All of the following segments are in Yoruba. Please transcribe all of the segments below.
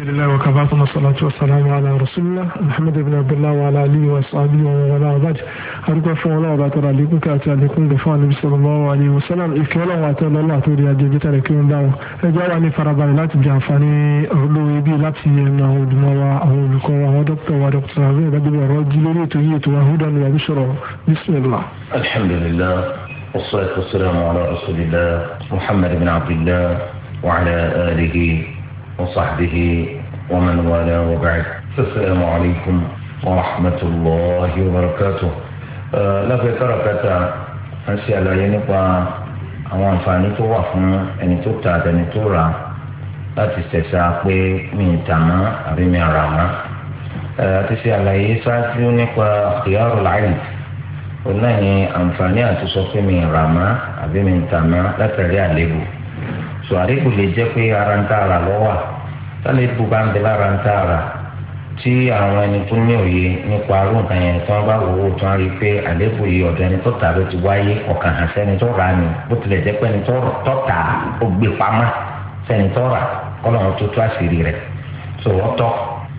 الحمد لله وكفى ثم والسلام على رسول الله محمد بن عبد الله وعلى آله وأصحابه ومن والاه بعد أرجو فهم الله وبعد ترى لكم كأتى لكم دفاع النبي صلى الله عليه وسلم إكيالا وأتى الله تولي أجل بتركهم دعوة أجل أني فرباني لا تبجع فاني أغلو إبي لا تسيين أهو دموا أهو لكم أهو دكتا ورقت سعبه بدي ورجل لي تهيت وهودا وبشرا بسم الله الحمد لله والصلاة والسلام على رسول الله محمد بن عبد الله وعلى آله وصحبه ومن والاه وبعد السلام عليكم ورحمة الله وبركاته لقد تركت أسئلة ينقى àwọn àǹfààní tó wà fún ẹni tó ta àtẹni tó rà láti ṣẹ̀ṣà pé mi ì tà mọ́ àbí mi rà mọ́. àti ṣe àlàyé ṣáájú nípa ìyàrá láàyè òun náà ni àǹfààní àti sọ pé mi ì rà mọ́ àbí mi ì tà mọ́ látàrí àlébù sọ̀rí kò lè jẹ́ pé ara ń tà ara lọ́wọ́ tálẹ̀ ibù bá ń bẹ lára ń tà ara tí àwọn ẹni tó ní òye nípa arú nǹkan yẹn tí wọ́n bá wò ó tí wọ́n rí i pé àléébù yìí ọ̀dọ̀ ẹni tó tà ló ti wáyé ọ̀kàn hàn sẹ́ni tó rà ni bó tilẹ̀ jẹ́ pé ẹni tó tà ó gbé pamọ́ sẹ́ni tó rà kọ́lọ́run tó tó àṣírí rẹ̀ tó ọ̀tọ̀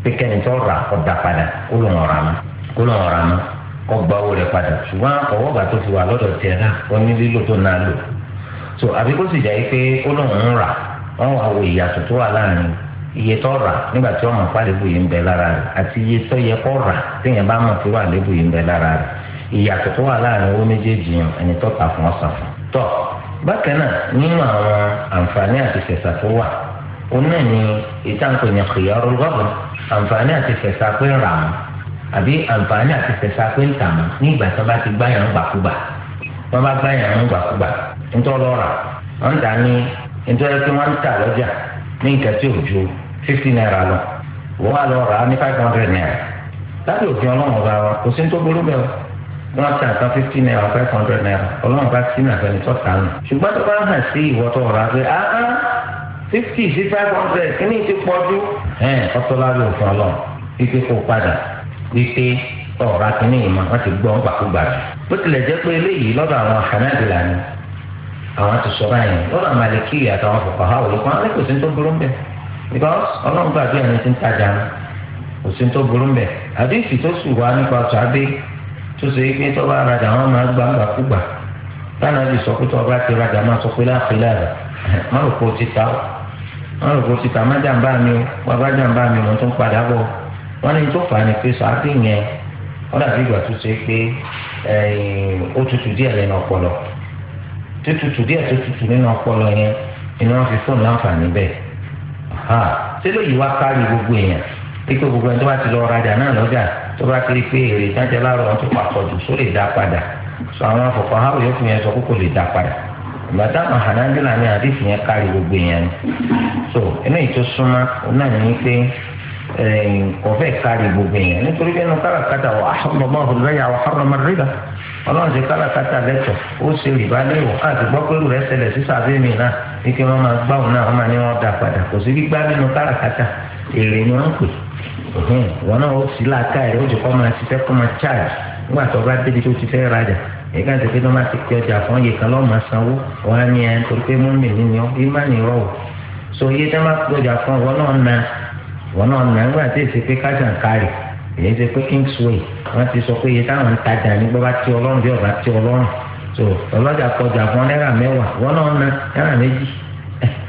pé kẹ́ni tó rà ọ̀dà padà kó lọ́n rà mọ́ kó lọ́n rà mọ́ kọ́ gba owó rẹ̀ padà ṣùgbọ́n ọwọ́ bàtó ti wà lọ́dọ̀ tiẹ̀ náà ó ní lílò tó náà lò so àbí kó sì jẹ́ pé ó lóun ń rà wọ́n wá wo ìyàtọ̀ tó wà láàrin iye tó rà nígbà tí ọmọ pa àlébù yìí ń bẹ lára rẹ̀ àti iye tó yẹ kó rà téèyàn bá mọ̀ tó wà àlébù yìí ń bẹ lára rẹ̀ ìyàtọ̀ tó wà láàrin owó méjèèjì yẹn ẹni tó ta fún ọ̀sán fún tọ́ bákan náà nínú àwọn àǹfààní àti fẹ̀sà tó wà òun náà ni ìtànkùn ní khiyarul gharar àǹfààní àti fẹ̀sà pé ń rà mọ́ àbí àǹfààní àti fẹ̀sà pé ń tà mọ́ nígbà tó bá ti gbáyàn gbàkúgbà wọn bá gbá yàrá ńgbàkúgbà ńtọ́ lọ́ra wọn dà ní ntọ́jà tí wọ́n ń tà lọ́jà ní nǹkan tí fifty naira lọ wọ́n wà lọ́ra ní five hundred naira lábẹ́ òfin ọlọ́run ọba wa kò sí ní tó burú bẹ́ẹ̀ wọ́n tà tán fifty naira five hundred naira ọlọ́run bá sí nàfẹ́ ní tọ́ta nù ṣùgbọ́n tó bá hàn sí ìwọ́tọ̀ ọ̀rá pé áá ah, ah, fifty sí five hundred kí ni ti pọ̀jù ọ̀tọ̀ lábẹ́ òfin ọlọ́run wípé kó padà wípé ọ̀rá kínní yìí máa wọ́n ti gbọ́ gbàkúgbà jù. bó tilẹ̀ jẹ́ pé eléyìí lọ́dọ̀ àwọn hanadila ni àwọn ti sọ báyìí lọ́dọ̀ maliki àtàwọn fòkàn òye kan alẹ́ kò sí tó burú mbẹ́ because ọlọ́run gbàdúrà ni ti ń tajà ní kò sí tó burú mbẹ́ àdéhìsì tó sì wá nípa sàbẹ́ tó ṣe pé tó bá rajà wọn máa gbà gbàkúgbà táwọn àti sọ pé tó bá ti rajà máa sọ pé láàfin láàrẹ̀ má rò wọ́n ní tó fà á ní pé sàbẹ́ yẹn ó dàbí ìgbà tó ṣe pé ó tutù díẹ̀ lẹ́nu ọpọlọ tó tutù díẹ̀ tó tutù nínú ọpọlọ yẹn ni wọ́n fi fóònù láǹfààní bẹ́ẹ̀ sílẹ̀ yìí wá kárí gbogbo èèyàn pípé gbogbo ẹni tó bá ti lọ rajà náà lọ́jà tó bá ti pé èrè ìtajà láàrọ̀ wọn tó pàpọ̀ jù só lè padà sọ àwọn yẹn sọ lè dá padà ni àdìsí yẹn kárí gbogbo èèyàn ni so Eh, kò kari kárí gbogbo yẹn nítorí pé nínú káràkátà wà áhùnmọ́mọ́ ọ̀hùnrẹ́yà wà áhùnmọ́ rírà ọlọ́run ṣe káràkátà lẹ́tọ̀ ó ṣe rìbá léwọ̀ àti gbọ́ pé rú rẹ̀ ṣẹlẹ̀ sí sàbẹ́mi náà ní kí wọ́n máa gbá òun náà wọ́n máa ní wọ́n dà padà kò sí gbígbá nínú káràkátà èrè ni wọ́n ń pè wọn náà ó sì láàká ẹ̀ ó jù kọ́ máa ṣiṣẹ́ kọ́ máa charge nígbà tó bá débi tó ti fẹ́ rajà èyíká ti pé tó ti pé fún iye kan lọ́ọ́ sanwó wọn á ní ẹ torí pé mọ́mì ní ni ọ́ ìmánì rọ̀ so iye tó máa pé ọjà fún ọ náà náà wọn náà nà ńgbà tí èsì pé kájà ń kárì èyí ti pé kingsway wọn ti sọ pé iye táwọn ń tajà nígbà bá ti ọlọ́run bí ọba ti ọlọ́run tó ọlọ́jà kọjà fún náírà mẹ́wàá wọn náà nà náírà méjì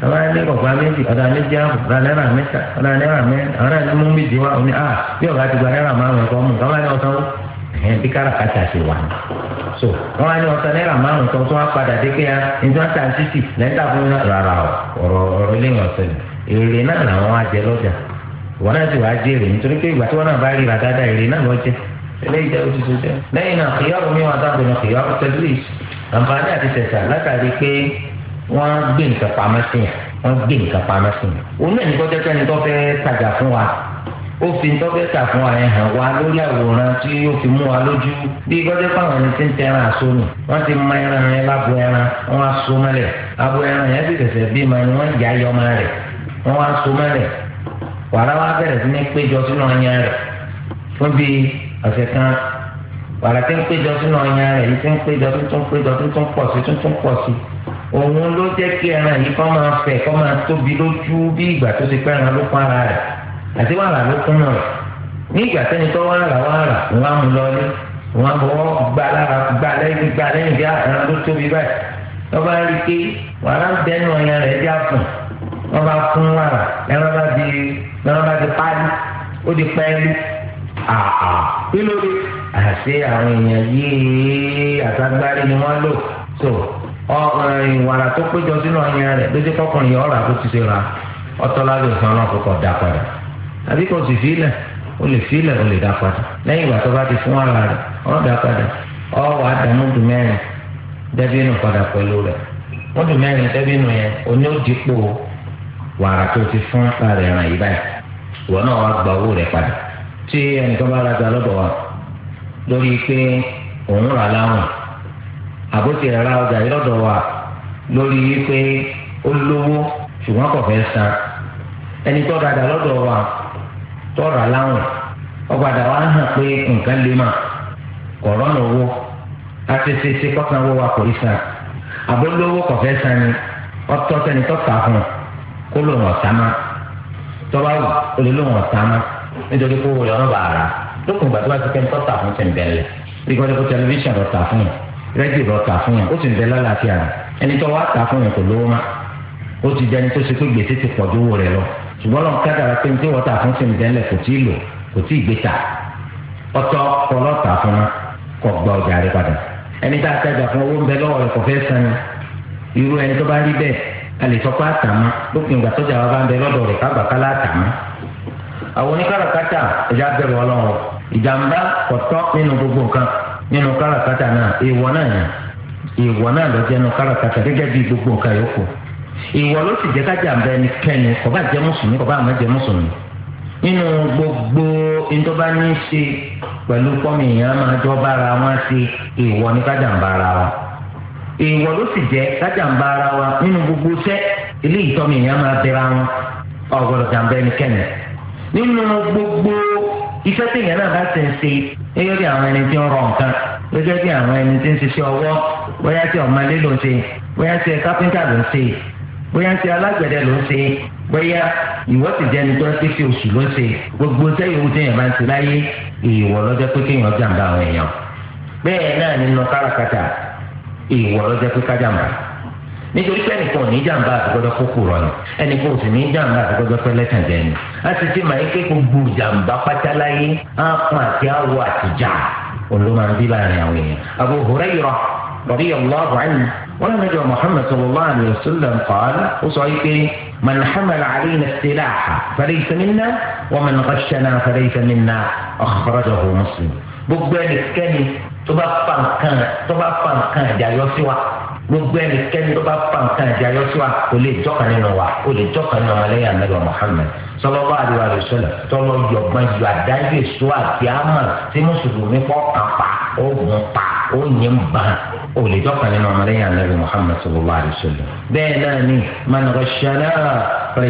ọba ní ọgbà méjì ọ̀dà méjì ààbò ọ̀dà náírà mẹ́ta ọ̀dà náírà mẹ́ta ọ̀dà ní mú méjì wá omi ah bí ọba ti gba náírà márùn ẹ̀kọ́ mú ọba ní ọ̀sán ẹ̀ bí káràkátà ṣe wà ní. so wọn á ní ọ̀sán náírà márùn tó tó wá padà dé pé ya nígbà tá à ń títì lẹ́ńtà fún rárá ọ̀rọ̀ ọ̀rọ̀ ilé ìwọ̀sẹ̀ èrè náà wọn náà ti wàá jèrè nítorí pé ìgbà tí wọn náà bá rí ìràdáda èrè náà lọ jẹ eléyìí jẹ oṣù tó jẹ lẹ́yìn náà kìyàwó mi wọn dábò ní kìyàwó tẹlifíṣ àǹfààní àti tẹsà látàrí pé wọn gbé nǹkan pamọ́ sí yàn wọn gbé nǹkan pamọ́ sí yàn òun náà ní kọjá kẹ́ni tó fẹ́ tajà fún wa ó fi tó fẹ́ tà fún wa yẹn hàn wá lórí àwòrán tí yóò fi mú wa lójú bí kọjá fáwọn ẹni tí ń tẹran àsomù wọn ti mọ ẹran yẹn lábọ ẹran wọn á mọ́lẹ̀ abo ẹran yẹn ti tẹsẹ bí ni wọn yà yọmọ rẹ wọn á mọ́lẹ̀ wàrà wa bẹ̀rẹ̀ sí ní péjọ sínú ọyàn rẹ̀ fún bíi ọ̀sẹ̀ kan wàrà tí ń péjọ sínú ọyàn rẹ̀ yìí tí ń péjọ tuntun péjọ tuntun pọ̀ sí tuntun pọ̀ sí òun ló jẹ́ kí ẹran yìí kọ́ máa fẹ̀ kọ́ máa tóbi lójú bí ìgbà tó ti pẹ́ ẹran ló kún ara rẹ̀ àti wàrà ló kún náà ní ìgbà tẹ́ni tó wàrà wàrà òun á mú lọlé òun á bọ̀ gbà lára gbà lẹ́yìn gbà lẹ́yìn bí ẹran ló tóbi báyìí lọ́ba rí i pé wàrà ń bẹ́nu ọyàn rẹ̀ já fún wọ́n bá kún wàrà ẹran bá di lọ́wọ́ bá ti pálí ó di pẹ́ẹ́lí àà kí ló dé àṣé àwọn èèyàn ni wọ́n lò so ìwàrà tó péjọ sínú ọyàn rẹ̀ lójú kọkùnrin yìí ọ̀rà tó ti ṣe ra ọtọ́lá lè fún ọlọ́run kókò dá padà àbí kò sì fílẹ̀ ó lè fílẹ̀ ó lè dá padà lẹ́yìn ìgbà tó bá ti fún ara rẹ̀ dá padà dùn mẹ́rin dẹ́bí nù padà pẹ̀lú ìwọ náà wàá gba owó rẹ padà tí bá rajà wa lórí pé òun rà láwọn àbótí ẹ̀rá ọjà yìí wa lórí pé ó lówó ṣùgbọ́n kò ẹni tó rajà wa tó rà láwọn ọgbàdà wa hàn pé nǹkan lè kọ̀rọ́nà owó àtẹ̀sẹ̀sẹ̀ wa kò san àbólówó kò fẹ́ tọ́ba wù olólùwọ̀n ọ̀tá mọ́ nítorí kó wọlé ọ̀nà bàárà lókun ìgbà tó bá ti kẹ́ ń tọ́ta fún ti ń bẹ̀lẹ̀ ìgbọ́dọ̀ kó tẹlifíṣàn lọ tà fún yẹn rẹ́díò lọ tà fún yẹn ó sì ń bẹ lálàáfíà rẹ̀ ẹni tó wá tà fún yẹn kò lówó má ó ti jẹ́ni tó ṣe pé gbèsè ti pọ̀ ju owó rẹ̀ lọ ṣùgbọ́n lọ́n kádàrá pé ní tí wọ́n tà fún ti kò tí ì lò kò tí ì gbé tà ọtọ́ kọlọ́ tà fún wa kọ gba ọjà rẹ̀ padà ẹni tá a tẹ́jà a lè sọ pé àtàmọ́ lópin ìgbà tọ́jà wa bá ń bẹ lọ́dọ̀ rẹ̀ ká bàkálà àtàmọ́ àwọn oníkàràkátà ẹ̀yà bẹ̀rù ọlọ́run ìjàmbá kọ̀tọ́ nínú gbogbo nǹkan nínú kàràkátà náà èèwọ̀ náà yàn èèwọ̀ náà lọ jẹ́ nínú kàràkátà gẹ́gẹ́ bí gbogbo nǹkan yòókù èèwọ̀ ló sì jẹ́ kájà ń bẹ ẹnikẹ́ni kò mùsùlùmí kò bá àmọ́ mùsùlùmí nínú gbogbo ntọ́ba ní í ṣe pẹ̀lú pọ́mì èèyàn máa jọ bára wọn ṣe èèwọ̀ ní kájà ń bára èèwọ̀ ló sì jẹ́ kájàmbá ara wa nínú gbogbo iṣẹ́ ilé ìtọ́mi èèyàn máa bẹ̀rẹ̀ àwọn ọ̀gọ̀dọ̀ jàǹbá ẹnikẹ́ni nínú gbogbo iṣẹ́ tí èèyàn náà bá ti ń ṣe gẹ́gẹ́ bí àwọn ẹni tí ń rọ nǹkan gẹ́gẹ́ bí àwọn ẹni tí ń ṣiṣẹ́ ọwọ́ bóyá tí ọ̀mọdé ló ń ṣe bóyá tí kápẹ́ńtà ló ń ṣe bóyá tí alágbẹ̀dẹ ló ń ṣe bóyá ìwọ ti jẹ́ni tó ń pé fi oṣù ló ń ṣe gbogbo sẹ́yìn owó téèyàn bá ń ṣe láyé èèwọ̀ lọ́jọ́ pé kéèyàn jàǹbá àwọn èèyàn bẹ́ẹ̀ náà nínú káràkátà ìwọ lọ́jọ́ pé ká jàǹbá nítorí pé ẹnìkan ò ní jàǹbá àtìgbọ́dọ̀ kókò rọ ni ẹnìkan ò sì ní jàǹbá àtìgbọ́dọ̀ pé lẹ́tàn jẹ ni a sì ti máa ń ké gbogbo jàǹbá pátáláyé á pọn àti àwọ àtìjà olóma ń bí láàrin àwọn èèyàn Abu Hurairah radiyallahu anhu wọn lè jọ Muhammad sallallahu alayhi wa sallam qaala ó sọ yìí pé man hamala alayna as-silaha falaysa minna wọn man ghashana falaysa minna akhrajahu Muslim gbogbo ẹnikẹ́ni tó bá fa nǹkan tó bá fa nǹkan ìdáyọ sí wa gbogbo ẹnikẹ́ni tó bá fa nǹkan ìdáyọ sí wa kò lè jọ́kan nínú wa kò lè jọ́kan nínú ọmọlẹ́yìn anábìá Muhammad sọlọ́wọ́ àdìwà rẹ̀ sọlẹ̀ tọ́lọ́ yọ̀gbọ́n ju àdáyé èso àti àmà tí mùsùlùmí kọ́ kàn pa oògùn pa oyin ba o lè jọ́kan nínú ọmọlẹ́yìn anábìá Muhammad sọlọ́wọ́ àdìwà sọlẹ̀ bẹ́ẹ̀ náà ni mọ̀nàkọ́ ṣẹlẹ̀ rẹ̀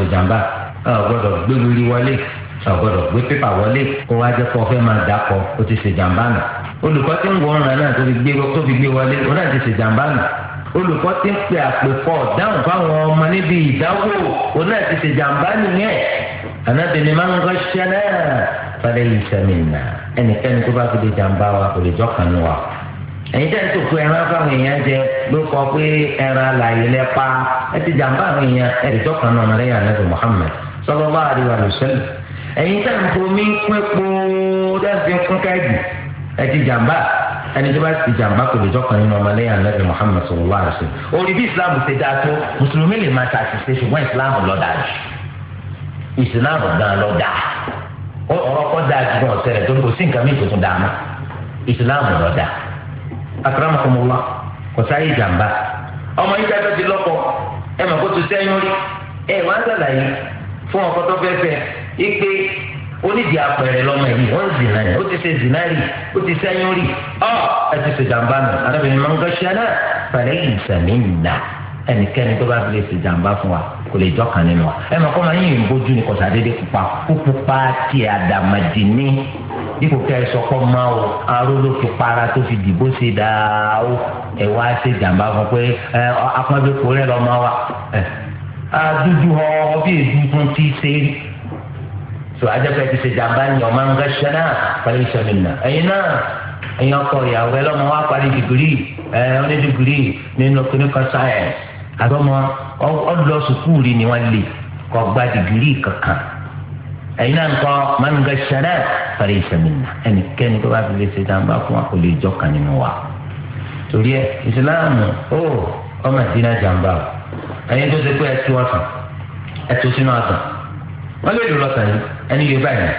ìṣẹ̀lẹ̀ náà a gbọ́dọ̀ gbé wíwí wọlé a gbọ́dọ̀ gbé pépà wọlé kó wá jẹ́ kó fẹ́ máa dàpọ ó ti ṣe jàmbá nù olùkọ́ tí ń wọ ọ̀ràn náà tó fi gbé wọlé ó náà ti ṣe jàmbá nù olùkọ́ tí ń pè àpèkọ dáhùn fáwọn ọmọ níbi ìdáwó ó náà ti ṣe jàmbá nìyẹn ànábìnrin máa ń gọ́ṣẹ́ náà fàlẹ́ yìí sẹ́mi nà ẹnikẹ́ni tó bá fi lè jàmbá wa kò lè jọ́kàn wa ẹ̀yin tẹ́ ń tó fún ẹran fáwọn èèyàn jẹ ló kọ pé ẹran làyè lẹ pa ẹ ti jàmbá àwọn èèyàn ẹ lè jọ́kàn náà ọmọlẹ́yìn ànábì Muhammad sallallahu alaihi wasallam ẹ̀yin tá à ń fomi pín kpóó dáàbí kún káàdì ẹ̀jẹ̀ jàmbá ẹni tó bá ti jàmbá kò lè jọkàn nínú ọmọlẹ́yìn anabi muhammed sallallahu alaihi wasallam orí bí islam ṣe dáa tó mùsùlùmí lè máa ta àṣìṣe islam lọ dáa islam gan dáa dáa jù náà tó ń sí islam lọ dáa kò sáyé jàmbá ọmọ yìí fún ọkọ tó fẹ́ fẹ́ ipe onídìí apẹ̀rẹ̀ lọ́mọ yìí ó ń zìnà yìí ó ti ṣe zìnà rí ó ti sẹ́yìn rí ọ́ ẹ ti ṣe jàǹbá nù arábìnrin máa ń gọ́ náà pẹ̀lẹ́ ìsẹ̀mí nà ẹnikẹ́ni tó bá fi lè ṣe jàǹbá fún wa kò lè jọ́kàn nínú wa ẹ mọ̀ kọ́ máa ń bójú ni kọ̀sà dédé pupa kúkú pa ti àdàmàdì ní dípò kẹ́ ẹ sọ pọ́ máa o aró ló fi para tó fi dìbò ṣe dáa ó ẹ wá ṣe jàǹbá fún pé ẹ akọ́nbẹ́kọ̀ adúdú họ bí egungun ti ṣe rí tó ajẹ́pẹ́ ti ṣe jàmbá ni ọmọ ń gẹ́sẹ̀ náà pẹ̀lú ìṣẹ̀lẹ̀ náà ẹ̀yin náà ẹ̀yin ọkọ ìyàwó ẹ lọ́mọ wa parí dìgírì ẹ ọ́ní dìgírì nínú clinical science àbọ̀mọ ọlọ sùkúù rí ni wọ́n lè kọ́ gba dìgírì kankan ẹ̀yin náà nǹkan máa ń gẹ́sẹ̀ náà pẹ̀lú ìṣẹ̀lẹ̀ náà ẹnikẹ́ni tó bá fi lè ṣe jàmbá fún kò lè jọ kan nínú wa torí ẹ ìsìláàmù ó ọmọ ìdínà o ẹ̀yin tó ṣe pé ẹ tú ọ̀sán ẹ tó sínú ọ̀sán wọ́n lè lò lọ́sàn yìí ẹni yóò báyìí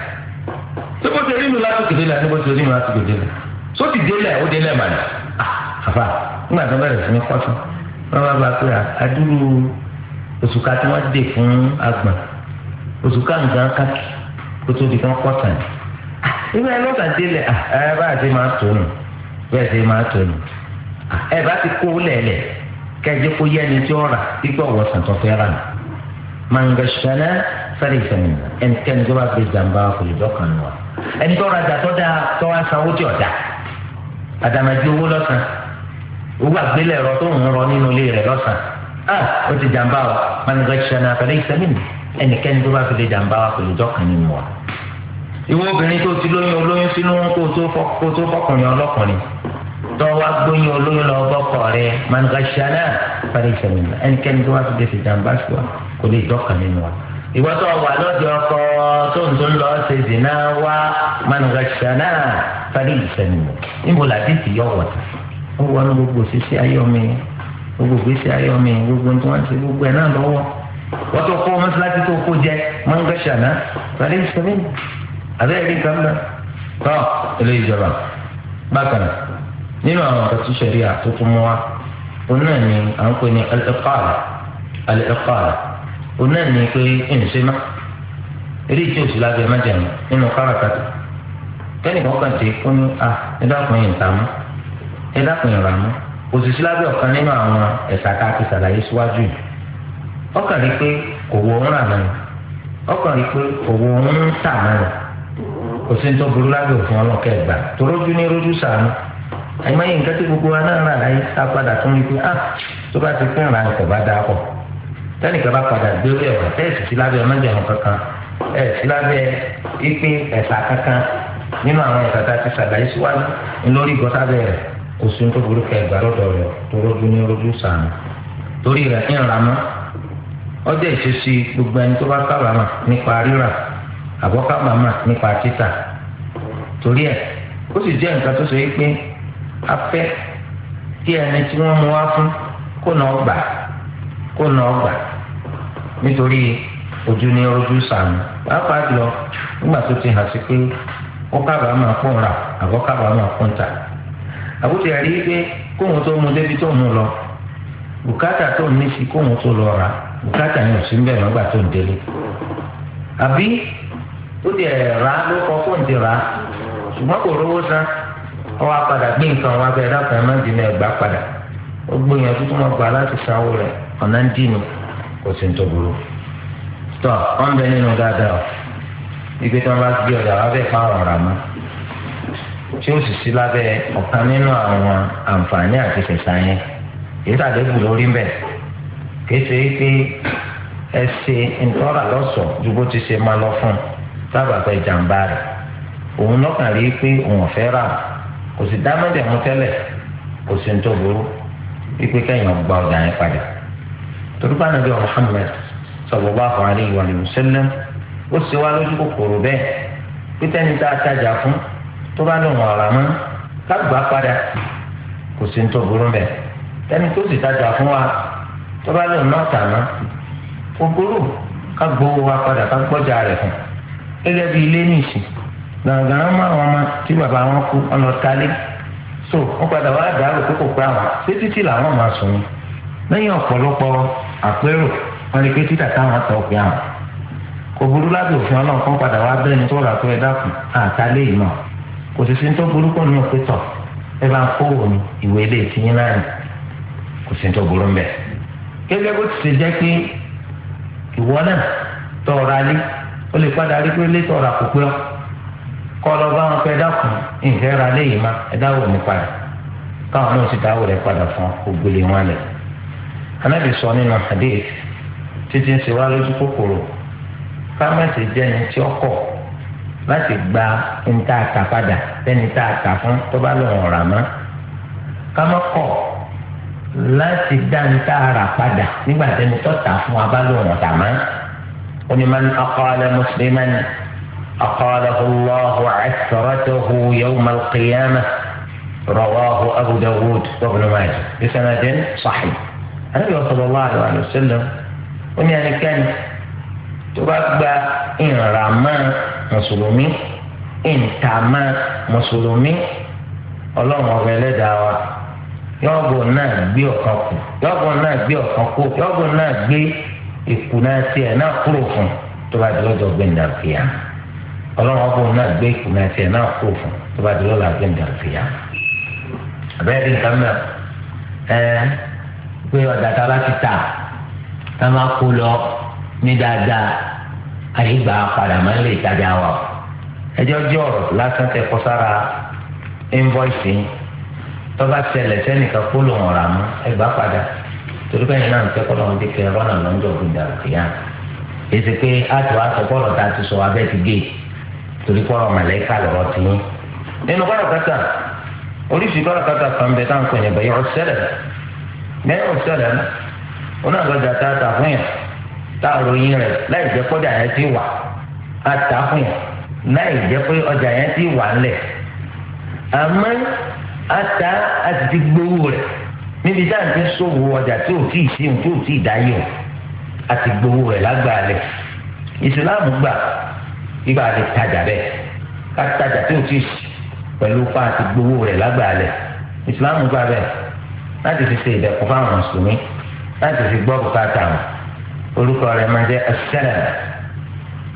tó bó ṣe rí nu lásìkò délẹ̀ tó bó ṣe rí nu lásìkò délẹ̀ tó ti délẹ̀ ó délẹ̀ mà ní ah, àfà nígbà tó bẹ̀rẹ̀ sí ní kọ́sùn wọ́n bá bá pé àdúrú òṣùká tí wọ́n dè fún àgbọ̀n òṣùká nǹkan káàkiri kó tó di kán kọ́sàn yìí ah, ìgbà yẹn lọ́sàn délẹ̀ ah, ẹ bá ti máa tó nù bẹ́ẹ̀ ti máa tó nù ẹ bá ti kó lẹ̀lẹ̀ kẹjẹ kó yẹ ẹni tí ó rà gbígbọ́ wọ̀sán tó fẹ́ rà ní. mangashana sáré ìsẹ̀mìn ẹnikẹ́ni tó bá fi jàǹbá kò lè dọ́kan nù wa. ẹni tó rajà tó dáa tó wá sanwó tí ọ̀dà àdàmàdì owó lọ́sàn owó àgbélẹ̀rọ tó ń rọ nínú ilé rẹ̀ lọ́sàn ah ó ti jàǹbá wa mangashana sáré ìsẹ̀mìn ẹnikẹ́ni tó bá fi jàǹbá kò lè dọ́kan nínú wa. ìwọ obìnrin tó ti lóyún olóyún sínú kó tó fọkùnrin ọlọ́kùnrin tọ́wá gbóyún olóyún lọ bọ́kọ̀ rẹ mangasana parí ìṣẹ̀lẹ̀ náà ẹnikẹ́ni tó wá fi gbèsè jàǹbá sí wa kò lè dọ́kàn nínú wa. ìwọ tó wà lọ́dẹ ọkọ tó ń tó ń lọ ṣe zina wá mangasana parí ìṣẹ̀lẹ̀ náà níbo làdí ti yọ wọ̀ tà ó wọ ní gbogbo ṣíṣe ayọ́mi gbogbo gbèsè ayọ́mi gbogbo tí wọ́n ti gbogbo ẹ̀ náà lọ́wọ́ wọ́n tó kó mọ́sálásí tó kó jẹ náà nínú àwọn ọ̀rọ̀ tí a mọ́ wa òun náà ni à ń pè ní al-iqala òun náà ni pé ẹ̀ǹṣẹ́ má eré tí òsì lábẹ́ má nínú káràkátà kẹ́nìkan kàn ti kún ní à ta mọ́ ẹ yìí rà mọ́ òṣìṣẹ́ lábẹ́ ọ̀kan nínú àwọn ẹ̀sà a ti ṣàlàyé síwájú yìí ọkàn rí pé kò wọ òun rà mọ́ ọkàn rí pé kò wọ tà àìmọye nǹkan tí gbogbo wa náà rà á sá padà tún ah tó bá ti pín ìrà ẹ̀kọ́ bá dáa pọ̀ tẹ́nìkan bá padà gbé orí ẹ̀wà tẹ́ẹ̀sì sí lábẹ́ ọmọdéwọ̀n kankan ẹ̀ sí lábẹ́ ìpín ẹ̀sà kankan nínú àwọn tá a ti sàlàyé síwájú lórí gọ́sábẹ́ rẹ̀ kò sí ní tó burú kẹ́ lọ́dọ̀ rẹ̀ tó rọ́jú ní rọ́jú sàánù torí rẹ̀ ń ra mọ́ ọjọ́ gbogbo ẹni tó bá nípa nípa títà afẹ́ tí ẹni tí wọn mú wá fún kó nà ọgbà kó nà ọgbà nítorí ojú ni ojú sàmù pàápàá jùlọ nígbà tó ti hàn sí pé ó kábàámọ̀ pọ̀ rà àbọ̀ kábàámọ̀ pọ̀ tà àbúté àrí pé kóhun tó débi tó lọ bùkátà tó ní sí kóhun tó lọ rà bùkátà yẹn ò sí bẹ́ẹ̀ lọ́gbà tó ń délé àbí ó ọwọ́ apàdà gbé nǹkan wọn abẹ́rẹ́ dàpọ̀ ẹ̀ má dín ní ẹgbàá padà ó gbìyànjú tó máa gbà láti sanwó rẹ̀ ọ̀nà ń dì nù kò sí ní tó burú. tọ́ wọ́n bẹ nínú dáadáa ibi tí wọ́n bá gbé ọjà wọn abẹ́ fáwọn ọ̀rà mọ́ tí ó sì sí lábẹ́ ọ̀kan nínú àwọn àǹfààní àti fẹ̀sà yẹn kì í sàdébù lórí mbẹ̀ kì í ṣe é pé ẹ ṣe ntọ́ra lọ́sọ̀ọ́ ju bó ti ṣe máa lọ fún un sábà rẹ̀ òun lọ́kàn rí i pé òun ọ̀fẹ́ rà kò sì dá mọ́tẹ̀mú tẹ́lẹ̀ kò sì ń tó burú wípé kẹ́yìn gba ọjà yẹn padà torípa nàbí Muhammad sallallahu alaihi wa sallam ó sì wá lójú kòkòrò bẹ́ẹ̀ pété ní tá a tajà fún tó bá lòun ọ̀rà mọ́ ká gbà padà kò sí ní tó burú bẹ́ẹ̀ tẹ́ni tó sì tajà fún wa tó bá lòun náà tà mọ́ burú ká gbowó wa padà ká gbọ́jà rẹ̀ fún gẹ́gẹ́ bí ilé nìsín gbàngàn mọ àwọn ọmọ tí bàbá wọn kú ọ̀nà talé so wọn padà wá dàrú pé kò pé àwọn ṣé títí làwọn máa sùn ní lẹ́yìn ọ̀pọ̀lọpọ̀ àpérò wọn lè pé títà táwọn tọ̀ pé àwọn kò burú òfin kan padà wá tó rà tó ẹ dákun yìí náà kò sì sí ní tó burú pọ̀ nínú pé kọlọ bá wọn fẹ́ dákun nfẹ ra lé yìí má ẹ dáwọ nípa ẹ káwọn náà sì padà fún ògbélé wọn lẹ anábì sọ nínú hadith títí ń ṣe lójú kòkòrò tí ó kọ̀ láti gba níta àtà padà tá a fún tó bá rà láti dá níta padà nígbà tó tà fún أقاله الله عثرته يوم القيامة رواه أبو داود وابن ماجه بسند صحيح النبي صلى الله عليه وسلم ومن يعني كان تبقى إن رمى مسلمي إن تعمى مسلمي الله مغلي دعوة wa yọ́ọ̀bù الناس gbé ọ̀kan kù yọ́ọ̀bù náà gbé ọ̀kan kù yọ́ọ̀bù náà gbé ìkùnà tiẹ̀ náà kúrò fún tó bá ọlọ́run ọkùnrin náà gbé ìkùnà ẹsẹ̀ náà kó fún tó bá dúró làbí nǹkan fìyà abẹ́rẹ́ bí nǹkan náà ẹ pé ọ̀dà tá a bá ti tà tá a máa kó lọ ní dáadáa àyígbà padà máa ń lè tajà wa ẹjọ́ jẹ́ ọ̀rọ̀ lásán tẹ kó sára invoice tó bá ṣẹlẹ̀ sẹ́nìkan kó lòun ọ̀rà mú ẹgbà padà torí pé ẹ̀yin náà ń tẹ́kọ̀ọ́ lọ́wọ́ dékẹ́ rọ́nà lọ́njọ́ ògùn torí kọ́ ọ̀rọ̀ màlẹ́kà lọ́rọ̀ ti yín. nínú kọ́rọ̀kátà oríṣi kọ́rọ̀kátà kan bẹ táwọn kọ̀yìn bẹ̀yẹ̀ ọ̀sẹ̀lẹ̀ bẹ́ẹ̀ ọ̀sẹ̀lẹ̀ onáàlọ́jà tá a tà fún yàn tá a ròyìn rẹ̀ láì jẹ́ kọ́jà yẹn ti wà a tà fún yàn láì jẹ́ pé ọjà yẹn ti wà ńlẹ̀ àmọ́ a tà a ti ti gbowó rẹ̀ níbi tá à ń ti ṣòwò ọjà tí ò tí ì sí òun tí ò tí ì dáyé o a ti gbowó rẹ̀ lágbàá lẹ̀ ìsìláàmù nígbà lè tajà bẹ́ẹ̀ ká tajà tí o ti pẹ̀lú pa àti gbowó rẹ̀ lágbàálẹ̀ ìsìláàmù gbà bẹ́ẹ̀ láti fi ṣe ìdẹ̀kùn fáwọn mùsùlùmí láti fi gbọ́ bùkátà wọn orúkọ rẹ̀ máa jẹ́ ẹsẹ̀lẹ̀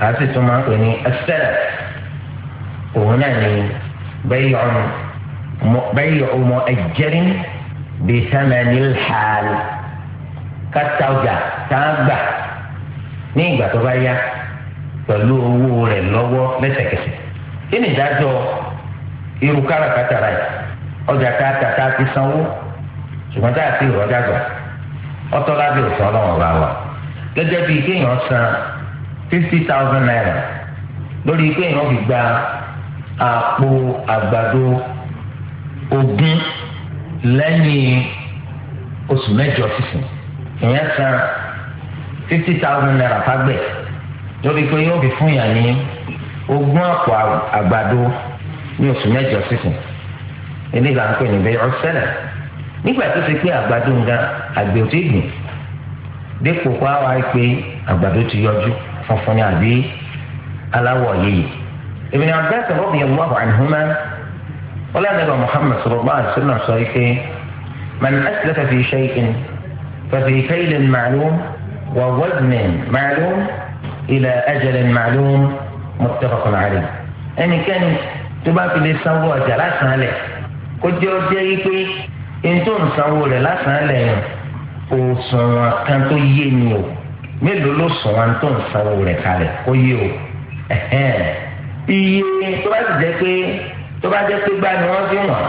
àti tún máa ń pè ní ẹsẹ̀lẹ̀ òun náà ni bẹ́ẹ̀ ọmọ ẹ̀jẹ̀rín bíi sẹ́mẹ̀ẹ́nì hàl ká ta ọjà gbà ní ìgbà tó bá yá pẹ̀lú owó rẹ̀ lọ́wọ́ lẹ́sẹ̀kẹsẹ̀ kí ni ìdájọ́ irú káràkátà rẹ̀ ọjà káàtà ká ti sanwó ṣùgbọ́n tá a ti rọ́jà gbà ọtọ́ lábẹ́ òfin ọlọ́run bá wà gẹ́gẹ́ bíi kéèyàn san fifty thousand naira lórí kéèyàn fi gba àpò àgbàdo ogún lẹ́yìn oṣù mẹ́jọ sísìn ìyẹn san fifty thousand naira fagbẹ́ẹ̀ lórí pé yóò fi fún yà ní ogún àpò àgbàdo ní oṣù mẹ́jọ sísìn eléyìí là ń pè ní bẹ́ẹ̀ ọ̀sẹ̀lẹ̀ nígbà tó ṣe pé àgbàdo nga àgbẹ̀ ò ti gbìn dípò pa wá pé àgbàdo ti yọjú funfun ni àbí aláwọ̀ yìí Ibn Abbas radiyallahu anhuma wala nabi Muhammad sallallahu alaihi wasallam sọ pé man aslafa fi shay'in fa fi kaylin ma'lum wa waznin ma'lum. إلى أجل معلوم متفق عليه ẹnì kẹ́ni tó bá fi lè sanwó ọjà lásán lẹ̀ kó jẹ́ ó jẹ́ yí pé ntó ń sanwó rẹ̀ lásán lẹ̀ yẹn òṣùwọ̀n kan tó yé ni o mélòó ló ṣùwọ̀n tó ń sanwó rẹ̀ kalẹ̀ kó yé o iye tó bá ti jẹ́ pé tó bá jẹ́ pé gbá ni wọ́n fi wọ̀n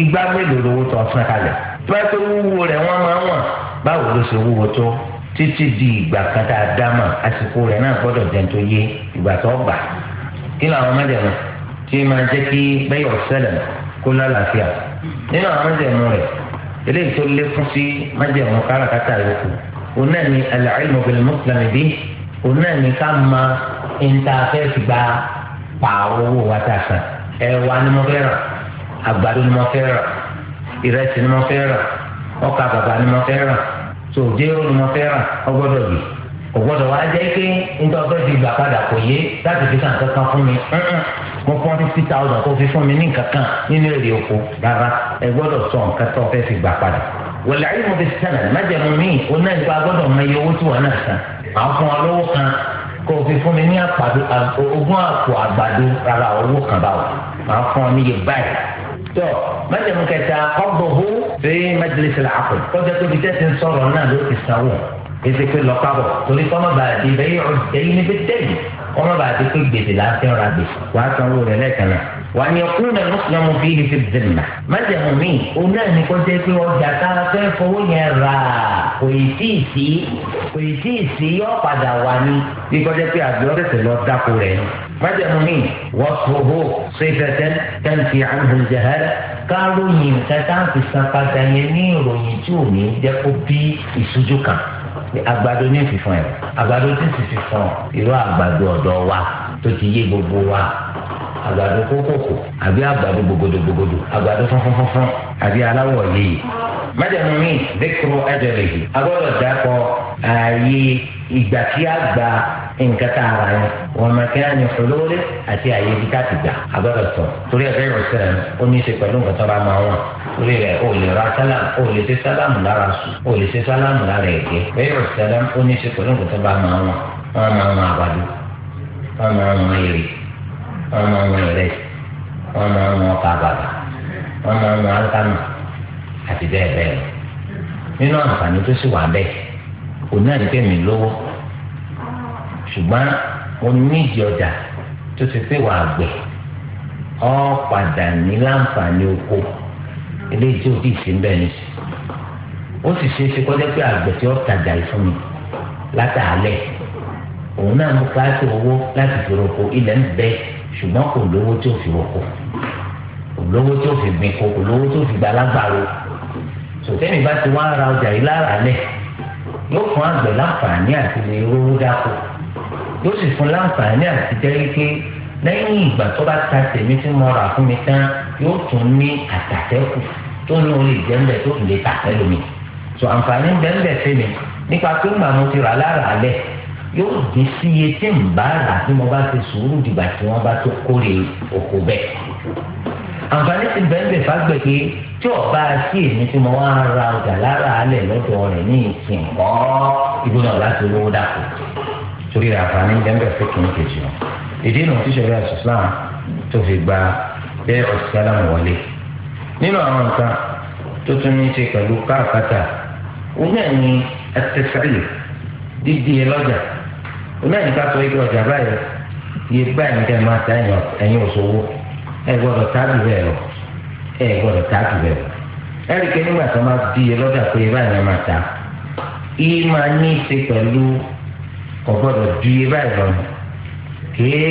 igbá mélòó lówó tó ń san kalẹ̀ tó bá tó wúwo rẹ̀ wọ́n máa wọ̀n báwo ló ṣe wúwo tó títí di ìgbà kan tá a dá mà àsìkò rẹ̀ náà gbọ́dọ̀ jẹ́ tó yé ìgbà tó gbà kí làwọn mẹ́jẹ̀mú tí máa jẹ́ kí bẹ́yọ̀ sẹ́lẹ̀ kó lálàáfíà nínú àwọn mẹ́jẹ̀mú rẹ̀ eléyìí tó lékún sí mẹ́jẹ̀mú káràkátà yòókù òun náà ni al-ilmu bil bí òun náà ni ká ma intanẹ́ẹ̀tì gba pààrọ̀ wa tá a san ni mo fẹ́ rà àgbàdo ni mo fẹ́ rà ìrẹsì ni mo fẹ́ rà ọkà bàbà ni mo fẹ́ rà tó jéró ni mo fẹ́ rà ọgbọ́dọ̀ bì ọgbọ́dọ̀ wá jẹ́ pé níta ọgbẹ́ ti gbà padà kò yé láti fi kàn kankan fún mi mo fọ́n fifty thousand kó fi fún mi ní kankan nínú èrè oko rárá ẹ gbọ́dọ̀ sọ nǹkan tó fẹ́ fi gbà padà wọlé ayé mo fi sẹ́nà májẹ̀mú mi ò náà nípa gbọ́dọ̀ mọ iye owó tí wọ́n náà san àwọn fún wa lówó kan kó fi fún mi ní ogún àpò àgbàdo rárá owó kan báwo àwọn fún wa níye báyìí tọ́ májèmú kẹta kọ́bùhù fi májèlésì làákùn kọjá tóbi tẹ́sí ń sọ̀rọ̀ náà ló ti sanwó èsì pé lọ́kàbọ̀ torí kọ́mọ́ bàtí bẹ́ẹ̀ ọ̀dẹ́yìn ní bẹ́ẹ̀ tẹ́lẹ̀ kọ́mọ́ bàtí pé gbèsè láti ọ̀rọ̀ àgbè wàá sanwó rẹ̀ lẹ́ẹ̀kan náà wà ní ọkùnrin náà mùsùlùmí fi lè fi bẹ̀rẹ̀ nà májèmú mi òun náà ní kó jẹ́ pé ọjà tá a fẹ́ fowó yẹn rà kò ì tí ì sí kò ì tí ì sí yọ padà wà ní bí kó jẹ́ pé àbí ọ̀rẹ́sẹ̀ lọ dáko rẹ̀ májèmú mi wọ́n fowó ṣèfẹ̀tẹ̀ tẹ̀sí àhùn jẹ̀hẹ́rẹ́ káròyìn kẹta fi san yẹn ní ìròyìn tí ò ní jẹ́ kó bí ìṣújú kan àgbàdo ní fífọn ẹ̀ àgbàdo ti ti yé gbogbo àgbàdo kókòkò àbí àgbàdo gbogbodogbogbodò àgbàdo fọfọfọfọ àbí aláwọ̀ yìí májàmú mi dẹkùrú ẹdẹrẹ yìí agbọ́dọ̀ dàpọ ààyè ìgbà tí a gba nǹkan tá a rà yẹn wọn máa kí á ní olóore àti ààyè ibi tá a ti gbà agbọ́dọ̀ sọ torí ẹgbẹ́ ìwọ sílẹ̀ ó ní í ṣe pẹ̀lú nǹkan tó bá máa wọn torí rẹ o lè ra sálámù o lè ṣe sálámù lára sùn o lè ṣe sálámù lára ẹgbẹ́ ẹgbẹ́ ìwọ sílẹ̀ ó ní í ṣe pẹ̀lú nǹkan tó bá máa wọn wọn máa wọn àbàdo wọn máa wọn èrè wọn máa ń rẹ wọn máa ń ọkà bàbà wọn máa ń alákàmà àti bẹ́ẹ̀ bẹ́ẹ̀ lọ nínú àǹfààní tó sì wà bẹ́ẹ̀ kò ní àdìpẹ́ mi lówó ṣùgbọ́n mo ní ìdí ọjà tó ti pé wà gbẹ̀ ọ́ padà ní láǹfààní oko eléyìí tí òbí ìsìn bẹ́ẹ̀ ni ó sì ṣe é ṣe kọ́jọ́ pé àgbẹ̀ tí ó tajà ìfún mi látàálẹ̀ òun náà mú káàtì owó láti fi roko ilẹ̀ ń bẹ ṣùgbọ́n kò lówó tí ó fi roko kò lówó tí ó fi gbìn kò kò lówó tí ó fi gbalágbàro sòtẹ́mi bá ti wá ra ọjà yìí lára lẹ̀ yóò fún àgbẹ̀ láǹfààní àti lè rówó dáko yóò sì fún láǹfààní àti jẹ́ wípé lẹ́yìn ìgbà tó bá ta tèmi tí mo rà fún mi tán yóò tún ní àtàtẹ́kù tó ní olè jẹ́ tó lè tàtẹ́ lómi so àǹfààní ń bẹ ńbẹ fẹ́mi nípa pé ń ti rà lára lẹ̀ yóò dé sí iye tí ń bá rà tí mo bá ti sùúrù dìgbà tí wọ́n bá tó kórè oko bẹ́ẹ̀. àǹfààní ti bẹ́ẹ̀ bẹ́ẹ̀ fàgbẹ́ pé tí ọba sí èmi tí mo wá ra ọjà lára alẹ̀ lọ́dọ̀ rẹ̀ ní ìsìn kọ́ ìgbóná láti owó dàpọ̀ torí àǹfààní bẹ́ẹ̀ bẹ́ẹ̀ fẹ́ kìíní kejì o. ìdí ìnà tí sọ̀rọ̀ Islam tó fi gba bẹ́ẹ̀ ọ̀sálàm wọlé nínú àwọn nǹkan tó tún ní ṣe pẹ̀lú káàkátà ó náà ní ẹtẹsẹ́lẹ̀ dídí ẹ lọ́jà oní ẹ̀yìn ká sọ ike ọjà báyìí iye báyìí ní kẹ́ máa ta ẹ̀yìn òṣòwò ẹ̀ gbọ́dọ̀ táàbì bẹ́ẹ̀ lọ ẹ̀ gbọ́dọ̀ táàbì bẹ́ẹ̀ lọ ẹ̀rí kẹ́ nígbà tó máa di iye lọ́dà pé iye báyìí ní máa ta iye máa ní í ṣe pẹ̀lú kò gbọ́dọ̀ ju iye báyìí lọ kèé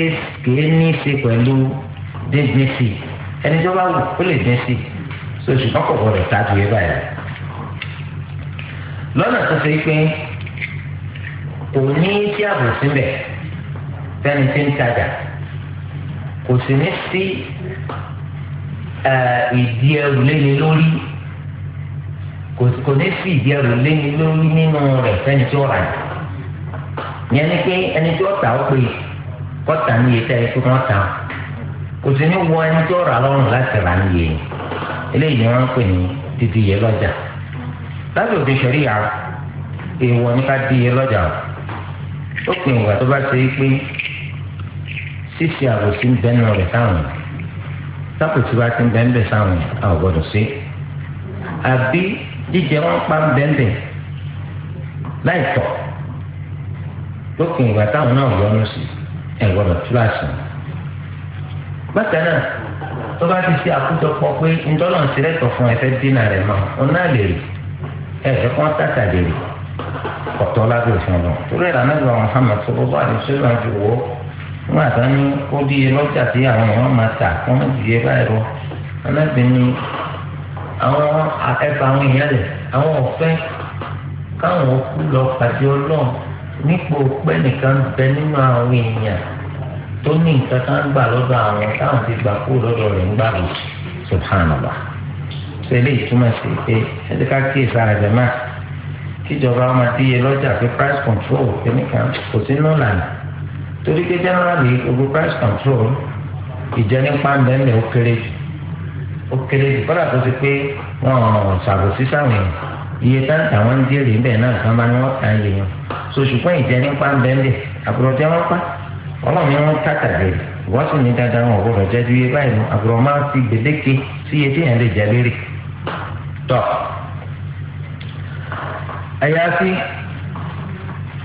kèé ní í ṣe pẹ̀lú dídín sí ẹni tó bá wù ó lè dín sí so ṣùgbọ́n kò gbọ́dọ̀ báyìí lọ́nà tó ṣe pé kò ní sí àbòsí mbẹ fẹ́ni tí ń tajà kò sì ní sí eh, ìdí ẹrù léni lórí kò ní sí ìdí ẹrù léni lórí nínú rẹ̀ fẹ́ni tí ó rà ní ẹni pé ẹni tí ó tà ó pé kọ́tà ní iye tẹ́ tó wọ́n tà ó kò sì ní wọ ẹni tí ó rà lọ́rùn láti rà ní iye eléyìí ni wọ́n ń pè ní dídí iye lọ́jà lábẹ́ òfin ṣẹ̀ríyà èèwọ̀ ní ká di lọ́jà o ó pin ìwà tó bá ṣe é pé ṣíṣe àbòsí ń bẹ́nu rẹ̀ sáwọn sápòtì bá ti ń bẹ́ńbẹ́ sáwọn àwọn gbọ́dọ̀ sí àbí jíjẹ wọn pa ń bẹ́ńbẹ́ láì tọ̀ lópin ìgbà táwọn náà yọnu sí ẹ̀ gbọ́dọ̀ túláàsì bákan náà tó bá ti ṣe àkójọpọ̀ pé ntọ́nà ń ṣe lẹ́tọ̀ fún ẹ̀fẹ́ dínà rẹ̀ mọ́ ọ náà lè rí ẹ̀fẹ́ kan tàtà lè rí ọ̀tọ̀ lábẹ́ òfin lọ torí ẹ̀rọ anábì wa Muhammad sọlọ́bà àdìsọ́lá ti wọ́ wọn àtàn ní ó di iye lọ́jà tí àwọn èèyàn máa tà wọ́n má dìde báyìí lọ anábì ni àwọn ẹ̀fà àwọn èèyàn rẹ̀ àwọn ọ̀fẹ́ káwọn òkú lọ pàdé ọlọ́run nípò pẹ́ nìkan bẹ nínú àwọn èèyàn tó ní nǹkan kan gbà lọ́dọ̀ àwọn táwọn ti gbà kú lọ́dọ̀ rẹ̀ ń gbà lọ subhanallah ṣe eléyìí túmọ̀ sí pé ẹ̀dẹ́ká kíyèsára jẹ̀ máa. kíjọba ọmọ tí iye lọ́jà pé price control kìnìkan kò sí nínú ìlànà torí pé generally gbogbo price control ìjẹnipa mẹ́lẹ̀ ó kéré jù ó kéré jù tó ti pé wọ́n iye táǹtà wọn ń so pa wọ́n wọ́n sì ní wọn ju iye báyìí lọ máa gbèdéke àyàfi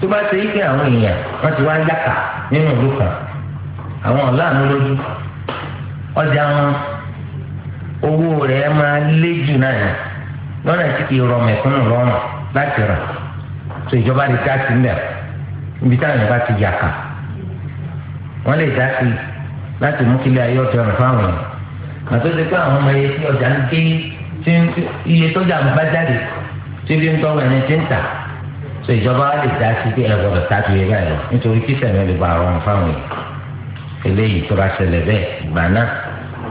tó bá ṣe ike àwọn èèyàn wọn ti wá yàtà nínú ìlú kan àwọn ọ̀làánú lójú ọjà wọn owó rẹ̀ máa lé jù náà lọ́nà tí kì í rọ mẹ̀kúnnù lọ́rùn láti rà tó ìjọba lè dá sí níbi táwọn ìjọba ti wọ́n lè dá sí láti mú kílẹ̀ ayé rẹ̀ fáwọn èèyàn iye tí ọjà ń tí bí ń tọ́wọ́ ẹni tí ń tà so ìjọba wa lè dá sí pé ẹ gbọdọ̀ tájú yẹ báyìí lọ nítorí kí sẹ̀mí lè ba àwọn fáwọn eléyìí tó bá ṣẹlẹ̀ bẹ́ẹ̀ ìgbà náà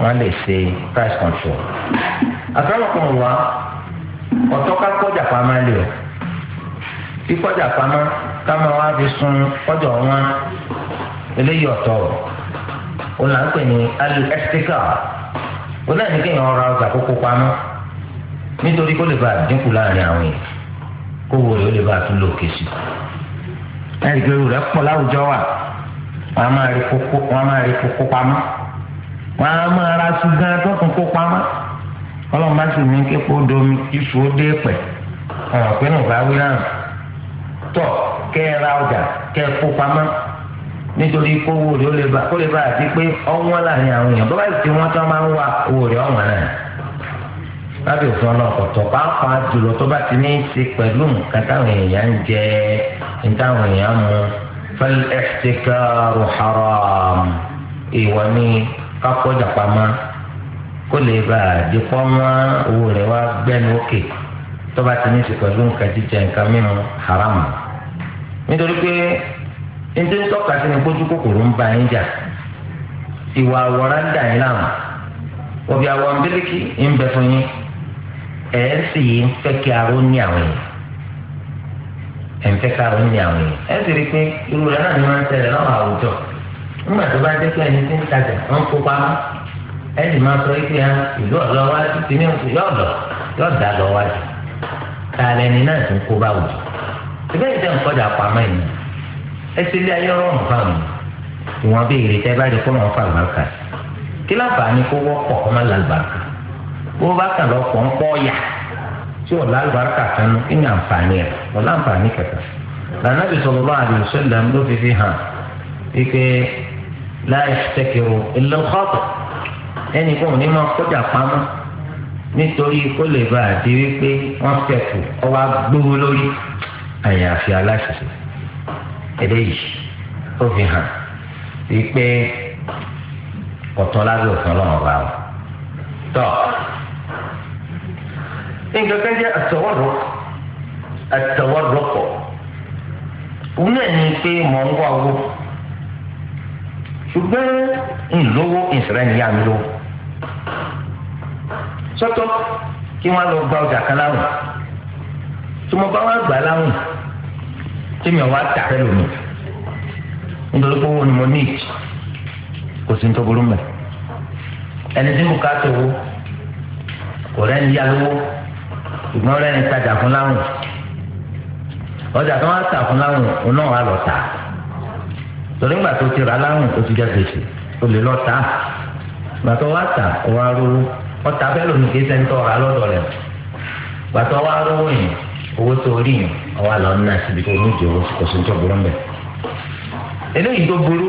wọ́n lè ṣe price control. àtàlọ́kùn wa ọ̀tọ́ ká kọjá pamọ́ lé o kí pamọ́ ká máa wá fi sun kọjọ wọn eléyìí ọ̀tọ̀ là ń pè ní nítorí kó lè bá àdínkù láàrin àwọn yìí kó wò ó lè bá tún lò kéṣì. ẹ̀rí pé rẹ̀ pọ̀ láwùjọ wa wọ́n á máa rí kókó pamọ́ wọ́n á máa ra ṣùgbọ́n atọ́kùn kó pamọ́ ọlọ́run bá sì ní kéko domi ìṣó dé pẹ̀ ọ̀rọ̀ pé nù bá wí àrùn tọ̀ kẹ́ ẹ ra ọjà kẹ́ ẹ kó pamọ́ nítorí kó wò ó lè bá àti pé ọ̀wọ́n láàrin àwọn èèyàn bọ́bá sì ti wọ́n tán máa ń wá owó ọ̀wọ́n náà lábẹ́ òfin ọlọ́kọ̀tọ̀ pàápàá jùlọ tó bá ti ní í ṣe pẹ̀lú nǹkan táwọn èèyàn ń jẹ ní táwọn èèyàn mu fal-ihtikaru haram ìwọ ni kákọ́jà pamọ́ kó lè bá a di pọ́ mọ́ owó rẹ̀ wá gbẹ́nu òkè tó bá ti ní í ṣe pẹ̀lú nǹkan jíjẹ nǹkan mímu haram nítorí pé nítorí tọ́ka sí ni kójú kòkòrò ń ba yín jà ìwà àwòrán dà yín láàmú òbí àwọn bíríkì ń bẹ fún yín ẹ sì ń fẹ́ kí aró ní àwọn yìí ẹ ń fẹ́ kí aró ní àwọn yìí ẹ sì rí i pé irú rẹ̀ náà ni wọ́n ń tẹ̀lé láwọn àwùjọ nígbà tó bá dé pé ẹni tí ń tajà wọ́n kó pamọ́ ẹ sì máa sọ pé ẹ ah, ìlú ọ̀dọ́ wa ti ti ní oṣù yóò dọ̀ yóò dà lọ wá jù ká lẹni náà ti ń kó bá wùjọ ìbẹ́ ìjẹ́ nǹkan pamọ́ yìí ẹ sì lé ayé rọrùn fáwọn ìwọ̀n bí ìrètẹ́ bá rí kó wọn fà lùbáríkà kí láǹfààní kó wọ́pọ̀ kó má lálùbáríkà bó bá kàn lọ kàn ń kọ́ yà tí ò lálùbáríkà kanú kí ni àǹfààní ẹ̀ ò láǹfààní kẹta lànàbì sallallahu alaihi wasallam ló fi fi hàn wípé la yahtakiru illa al-khati' ẹnì kan ní máa kọjá pamọ́ nítorí kó lè bá a wípé wọ́n fẹ̀kù ọwọ́ agbówó lórí àyàfi aláṣẹṣe eléyìí ó fi hàn wípé ọ̀tún lábẹ́ òfin ọlọ́run bá wọn tọ́. nǹkan kan jẹ́ àtọwọ́rọ̀ àtọwọ́rọ̀ pọ̀ òun náà ní pé mọ̀ ń wá owó ṣùgbọ́n ìlówó ìsirẹ́ni yá gba ọjà kan láwìn tí mo bá wá gbà láwìn tí mi ò wá tà fẹ́ lómi nítorí pé owó ni mo ní ìtì kò sí nítorí burú ẹni ṣùgbọ́n rẹ́ni tajà fún láwùn ọjà tó wá tà fún láwùn òun náà lọ tà torí ńgbà tó ti rà láwùn ó ti jẹ gbèsè ó lè lọ tà gbà tó wá tà wá bẹ́ẹ̀ lọ́dọ̀ rẹ̀ tó wá yìí owó tó rí yìí ọwọ́ àlọ́ síbi tó ní ìjọ burú eléyìí tó burú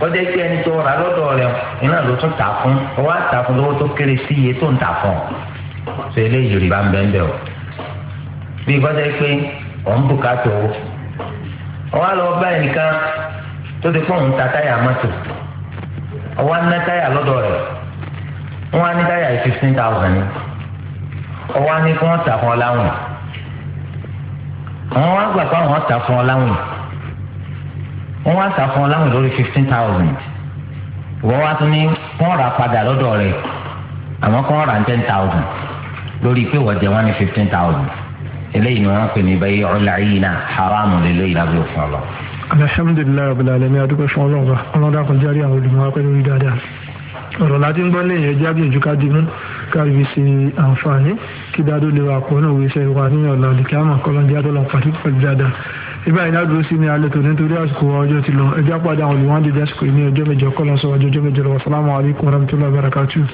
kọjá pé ẹni tó rà lọ́dọ̀ rẹ̀ iná ló tún tà fún ọwọ́ àtà fún lọ́wọ́ tó kéré sí iye tó ń tà fún ọ. sọ eléyìí rí bá ń bẹ́ẹ̀ bẹ́ẹ̀ o. bí kọjá pé òun bùkátà owó. ọwọ́ lọ bá ẹnìkan tó ti fún òun ta táyà mọ́tò. ọwọ́ ná táyà lọ́dọ̀ rẹ̀. wọ́n á ní táyà yìí fifteen thousand ni. ọwọ́ á ní kí wọ́n tà fún ọ láwìn. àwọn wá gbà pé àwọn tà fún ọ láwìn wọ́n wá ta fún ọ láwọn lórí fifteen thousand wọ́n wá tún ní kán rà padà lọ́dọ̀ rẹ̀ àmọ́ kán rà ten thousand lórí pé wọ́n jẹ wọ́n ní fifteen thousand eléyìí ni wọ́n pè ní bẹ́ẹ̀ ọ̀làyìnà haramu lélẹ́yìí lábẹ́ òfin ọlọ́. alhamdulilayi rabbil alamin adúgbò fún ọlọ́run ọlọ́run kò járe àwọn olùmọ̀ọ́ pẹ̀lú orí dáadáa ọ̀rọ̀ láti ń gbọ́ lé yẹn jábí ìjùká dìmú kárí fi ṣe àǹfààní kí dáadó lè wà pọ̀ náà wíṣẹ́ wa ní ọ̀la àdìkẹ́ àmọ́ kọ́lọ́njá dọ́là pàtó pẹ̀lú dáadáa ibà yìí ládùúró sí ní alẹ́ tó nítorí àsìkò ọjọ́ ti lọ ẹjọ́ àpàdé àwọn olùwádìí dásìkò ní ọjọ́ mẹ́jọ kọ́ lọ́sọ̀rọ̀ ọjọ́ mẹ́jọ lọ́wọ́ sálámù alaykum warahmatullahi wabarakatuh.